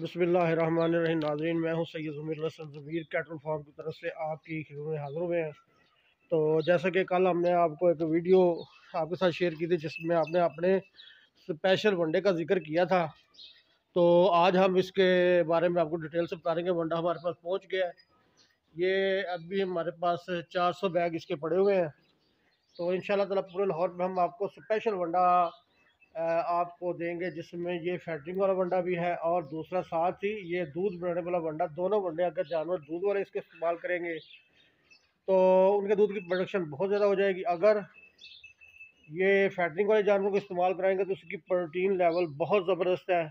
बसमिल नाजरीन मैं हूँ सैद जमीर कैटल फार्म की तरफ से आपकी खिदमत में हाजिर हुए हैं तो जैसा कि कल हमने आपको एक वीडियो आपके साथ शेयर की थी जिसमें आपने अपने स्पेशल वनडे का जिक्र किया था तो आज हम इसके बारे में आपको डिटेल से बता देंगे वनडा हमारे पास पहुँच गया है ये अभी हमारे पास चार सौ बैग इसके पड़े हुए हैं तो इन तला पूरे लाहौर में हम आपको स्पेशल वनडा आपको देंगे जिसमें ये फैटरिंग वाला वंडा भी है और दूसरा साथ ही ये दूध बनाने वाला वंडा दोनों वंडे अगर जानवर दूध वाले इसके इस्तेमाल करेंगे तो उनके दूध की प्रोडक्शन बहुत ज़्यादा हो जाएगी अगर ये फैटरिंग वाले जानवर को इस्तेमाल कराएंगे तो उसकी प्रोटीन लेवल बहुत ज़बरदस्त है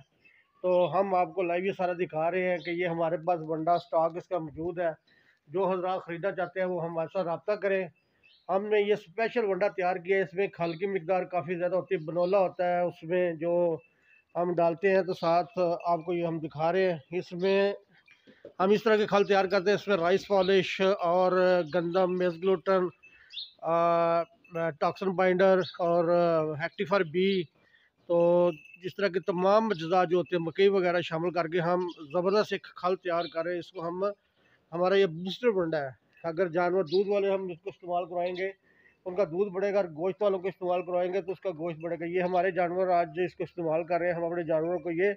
तो हम आपको लाइव ये सारा दिखा रहे हैं कि ये हमारे पास वंडा स्टॉक इसका मौजूद है जो हजरा ख़रीदना चाहते हैं वो हमारे साथ रबता करें हमने ये स्पेशल वंडा तैयार किया है इसमें खल की मकदार काफ़ी ज़्यादा होती है बनोला होता है उसमें जो हम डालते हैं तो साथ आपको ये हम दिखा रहे हैं इसमें हम इस तरह के खल तैयार करते हैं इसमें राइस पॉलिश और गंदम मेजग्लूटन टॉक्सन बाइंडर और हेक्टिफर बी तो जिस तरह के तमाम अज्जा जो होते हैं मकई वगैरह शामिल करके हम ज़बरदस्त एक खल तैयार करें इसको हम हमारा ये बूस्टर बंडा है अगर जानवर दूध वाले हम इसको इस्तेमाल कराएंगे उनका दूध बढ़ेगा अगर गोश्त वालों को इस्तेमाल करवाएंगे तो उसका गोश्त बढ़ेगा ये हमारे जानवर आज इसको इस्तेमाल कर रहे हैं हम अपने जानवरों को ये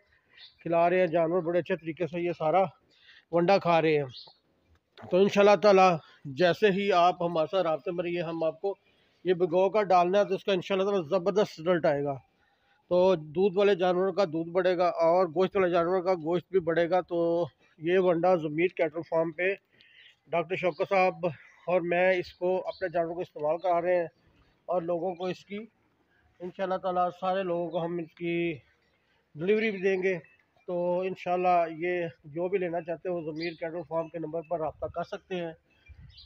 खिला रहे हैं जानवर बड़े अच्छे तरीके से ये सारा वंडा खा रहे हैं तो इन ताला जैसे ही आप हमारे साथ रबते में रहिए हम आपको ये भिगो का डालना है तो उसका इन तला ज़बरदस्त रिजल्ट आएगा तो दूध वाले जानवरों का दूध बढ़ेगा और गोश्त वाले जानवर का गोश्त भी बढ़ेगा तो ये वंडा ज़मीर कैटल फार्म पर डॉक्टर शौकत साहब और मैं इसको अपने जानवरों को इस्तेमाल करा रहे हैं और लोगों को इसकी इन ताला सारे लोगों को हम इसकी डिलीवरी भी देंगे तो इन ये जो भी लेना चाहते हो ज़मीर कैटल फार्म के नंबर पर रबता कर सकते हैं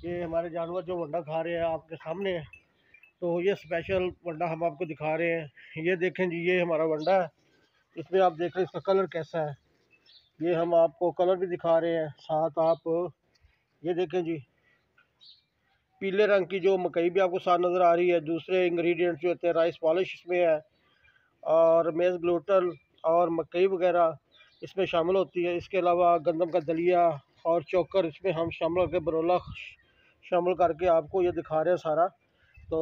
ये हमारे जानवर जो वंडा खा रहे हैं आपके सामने है तो ये स्पेशल वंडा हम आपको दिखा रहे हैं ये देखें जी ये हमारा वंडा है इसमें आप देख रहे हैं इसका कलर कैसा है ये हम आपको कलर भी दिखा रहे हैं साथ आप ये देखें जी पीले रंग की जो मकई भी आपको साथ नज़र आ रही है दूसरे इंग्रेडिएंट्स जो होते हैं राइस पॉलिश इसमें है और मेज़ ग्लूटन और मकई वगैरह इसमें शामिल होती है इसके अलावा गंदम का दलिया और चोकर इसमें हम शामिल करके बरोला शामिल करके आपको ये दिखा रहे हैं सारा तो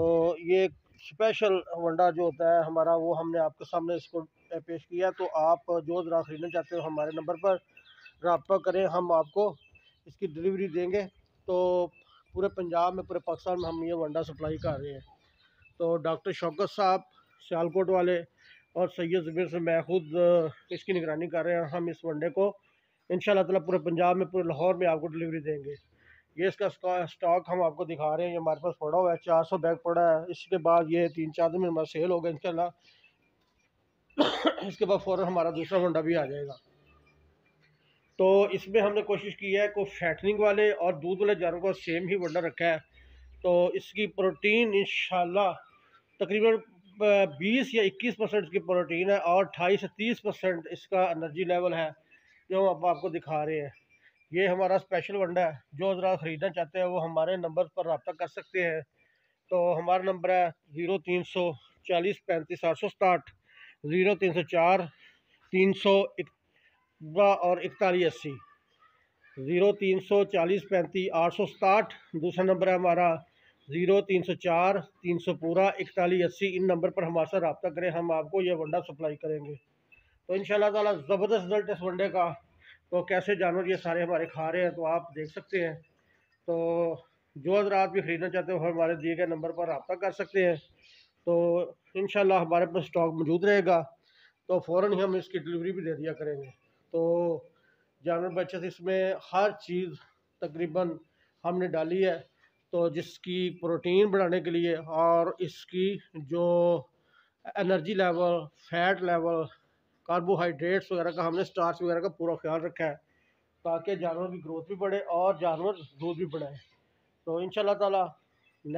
ये स्पेशल वंडा जो होता है हमारा वो हमने आपके सामने इसको पेश किया तो आप जो ज़रा ख़रीदना चाहते हो हमारे नंबर पर रबा करें हम आपको इसकी डिलीवरी देंगे तो पूरे पंजाब में पूरे पाकिस्तान में हम ये वंडा सप्लाई कर रहे हैं तो डॉक्टर शौकत साहब सियालकोट वाले और सैयद जुबेर से मैं खुद इसकी निगरानी कर रहे हैं हम इस वनडे को इन ताला पूरे पंजाब में पूरे लाहौर में आपको डिलीवरी देंगे ये इसका स्टॉक हम आपको दिखा रहे हैं ये हमारे पास पड़ा हुआ है चार सौ बैग पड़ा है इसके बाद ये तीन चार दिन में हमारा सेल होगा इन इसके बाद फ़ौर हमारा दूसरा वंडा भी आ जाएगा तो इसमें हमने कोशिश की है को फैटनिंग वाले और दूध वाले जानवरों का सेम ही वर्डर रखा है तो इसकी प्रोटीन इन तकरीबन 20 या 21 परसेंट की प्रोटीन है और 28 से 30 परसेंट इसका एनर्जी लेवल है जो हम आपको दिखा रहे हैं ये हमारा स्पेशल वंडा है जो जरा ख़रीदना चाहते हैं वो हमारे नंबर पर रबता कर सकते हैं तो हमारा नंबर है ज़ीरो तीन सौ चालीस पैंतीस आठ सौ सताहठ ज़ीरो तीन सौ चार तीन सौ बा और इकतालीस अस्सी ज़ीरो तीन सौ चालीस पैंतीस आठ सौ सताहठ दूसरा नंबर है हमारा ज़ीरो तीन सौ चार तीन सौ पूरा इकतालीस अस्सी इन नंबर पर हमारे साथ रबता करें हम आपको यह वंडा सप्लाई करेंगे तो इन ताला ज़बरदस्त रिजल्ट इस वनडे का तो कैसे जानवर ये सारे हमारे खा रहे हैं तो आप देख सकते हैं तो जो हजरात भी ख़रीदना चाहते हो हमारे दिए गए नंबर पर रबता कर सकते हैं तो इन हमारे पास स्टॉक मौजूद रहेगा तो फ़ौर ही हम इसकी डिलीवरी भी दे दिया करेंगे तो जानवर बचत इसमें हर चीज़ तकरीबन हमने डाली है तो जिसकी प्रोटीन बढ़ाने के लिए और इसकी जो energy level fat level carbohydrates वगैरह का हमने स्टार्च वगैरह का पूरा ख्याल रखा है ताकि जानवर की ग्रोथ भी बढ़े और जानवर दूध भी बढ़ाए तो इन ताला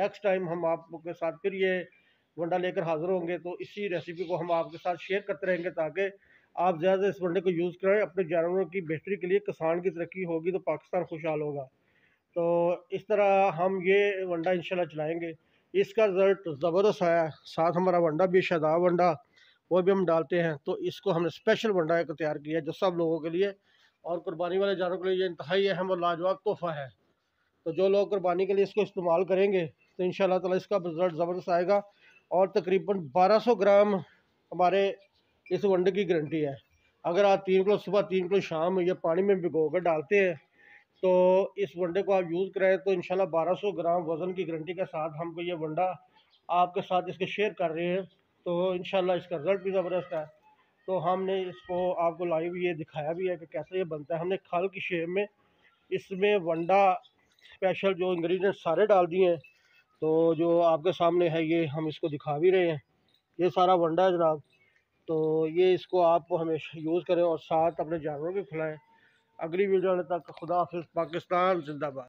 नेक्स्ट टाइम हम आपके साथ फिर ये वंडा लेकर हाज़िर होंगे तो इसी रेसिपी को हम आपके साथ शेयर करते रहेंगे ताकि आप ज़्यादा इस वनडे को यूज़ करें अपने जानवरों की बेहतरी के लिए किसान की तरक्की होगी तो पाकिस्तान खुशहाल होगा तो इस तरह हम ये वनडा इंशाल्लाह चलाएँगे इसका रिज़ल्ट ज़बरदस्त आया साथ हमारा वनडा भी शादाब वनडा वो भी हम डालते हैं तो इसको हमने स्पेशल वनडा एक तैयार किया जो सब लोगों के लिए और कुर्बानी वाले जानवरों के लिए ये इंतहाई अहम और लाजवाब तोहफ़ा है तो जो लोग कुर्बानी के लिए इसको इस्तेमाल करेंगे तो इन ताला इसका रिज़ल्ट ज़बरदस्त आएगा और तकरीबन सौ ग्राम हमारे इस वनडे की गारंटी है अगर आप तीन किलो सुबह तीन किलो शाम या पानी में भिगो कर डालते हैं तो इस वनडे को आप यूज़ करें तो इन बारह सौ ग्राम वज़न की गारंटी के साथ हमको ये वनडा आपके साथ इसके शेयर कर रहे हैं तो इन इसका रिज़ल्ट भी ज़बरदस्त है तो हमने इसको आपको लाइव ये दिखाया भी है कि कैसे ये बनता है हमने खल की शेप में इसमें वंडा स्पेशल जो इंग्रेडिएंट सारे डाल दिए हैं तो जो आपके सामने है ये हम इसको दिखा भी रहे हैं ये सारा वंडा है जनाब तो ये इसको आप हमेशा यूज़ करें और साथ अपने जानवरों को खिलाएं अगली वीडियो आने तक खुदा हाफिज़ पाकिस्तान जिंदाबाद